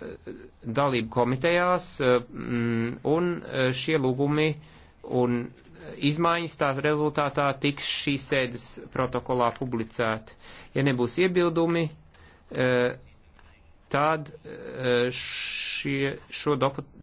dalību komitejās, eh, mm, un eh, šie lūgumi un izmaiņas tā rezultātā tiks šīs sēdes protokolā publicēti. Ja nebūs iebildumi, eh, tad šie, šo dokumentu.